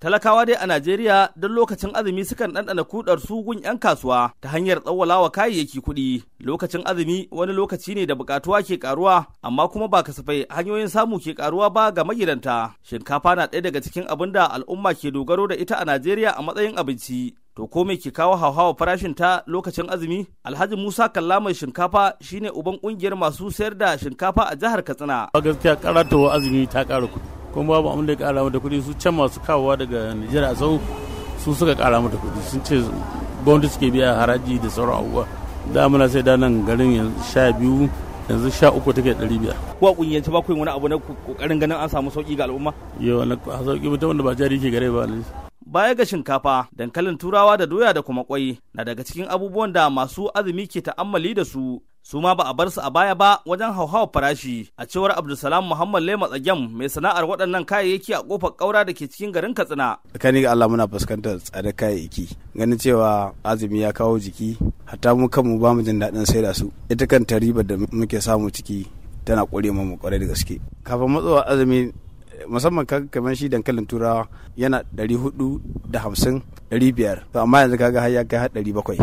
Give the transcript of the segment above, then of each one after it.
Talakawa dai a Najeriya don lokacin azumi sukan ɗanɗana kudar sugun 'yan kasuwa ta hanyar tsawalawa kayayyaki kuɗi. Lokacin azumi wani lokaci ne da bukatuwa ke karuwa amma kuma ba kasafai hanyoyin samu ke karuwa ba ga magidanta. Shinkafa na ɗaya daga cikin abin da al'umma ke dogaro da ita a Najeriya a matsayin abinci. To ko me ke kawo hauhawa farashin ta lokacin azumi? Alhaji Musa Kalla mai shinkafa shine uban kungiyar masu sayar da shinkafa a jihar Katsina. Gaskiya karatowa azumi ta ƙara kuɗi. kuma babu abin da ya kara mata kuɗi su can masu kawowa daga nijar a sau su suka kara mata kuɗi sun ce gwamnati suke biya haraji da sauran abubuwa da muna sai da nan garin yanzu sha biyu yanzu sha uku take ɗari biyar. kuwa ƙungiyance ba ku wani abu na ƙoƙarin ganin an samu sauƙi ga al'umma? Yau a sauƙi mutum wanda ba jari ke gare ba ne. baya ga shinkafa dankalin turawa da doya da kuma kwai na daga cikin abubuwan da masu azumi ke ta'ammali da su su ma ba a bar su a baya ba wajen hauhawar farashi a cewar abdulsalam muhammad lema tsagem mai sana'ar waɗannan kayayyaki a kofar ƙaura da ke cikin garin katsina tsakani ga allah muna fuskantar tsare kayayyaki ganin cewa azumi ya kawo jiki hatta mu kanmu ba mu jin daɗin sai saida su ita kan riba da muke samu ciki tana ƙure mu ƙwarai da gaske kafin matsowa azumi musamman kamar shi dankalin turawa yana ɗari hudu da hamsin ɗari biyar amma yanzu kaga har ya kai har ai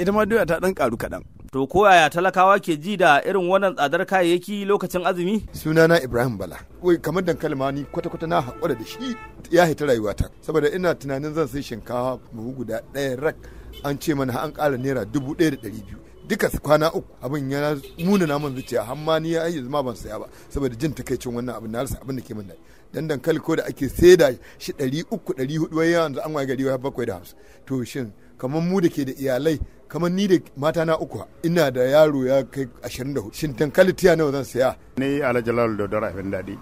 eh, ita ma doya ta ɗan ƙaru kaɗan To ko yaya talakawa ke ji da irin wannan tsadar kayayyaki lokacin azumi? Sunana Ibrahim Bala. Wai kamar dankali ma ni kwata-kwata na haƙura da shi ya hita rayuwata. Saboda ina tunanin zan sai shinkafa buhu guda ɗaya rak an ce mana an ƙara naira dubu ɗaya da ɗari biyu. duka kwana uku abin ya muna namun zuciya amma ni ya zama ban saya ba saboda jin takaicin wannan abin na rasa abin da ke min dan dankali ko da ake saida shi ɗari uku ɗari wai yanzu an waye gari wai bakwai da hamsin to shin kamar mu da ke da iyalai kamar ni da mata na uku ina da yaro ya kai ashirin da shin dankali tiya nawa zan saya. ni ala jalal da dora abin daɗi.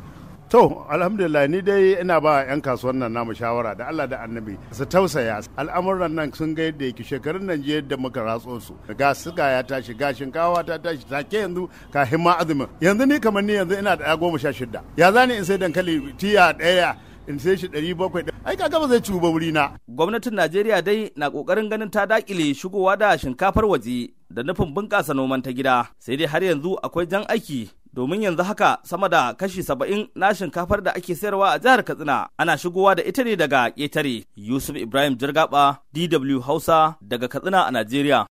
To, alhamdulillah ni dai ina ba 'yan kasuwan nan namu shawara da Allah da annabi su tausaya al'amuran nan sun ga yadda yake shekarun nan je da muka ratso su. Ga suga ya tashi, ga shinkawa ta tashi, take yanzu ka himma azumin. Yanzu ni kamar ni yanzu ina da goma sha shida. Ya zani in sai dankali tiya ɗaya in sai shi ɗari bakwai ai ka gaba zai ci ba wuri na. Gwamnatin Najeriya dai na kokarin ganin ta dakile shigowa da shinkafar waje da nufin bunƙasa noman ta gida sai dai har yanzu akwai jan aiki domin yanzu haka sama da kashi saba'in na shinkafar da ake sayarwa a jihar katsina ana shigowa da ita ne daga ƙetare yusuf ibrahim jirgaba dw hausa daga katsina a najeriya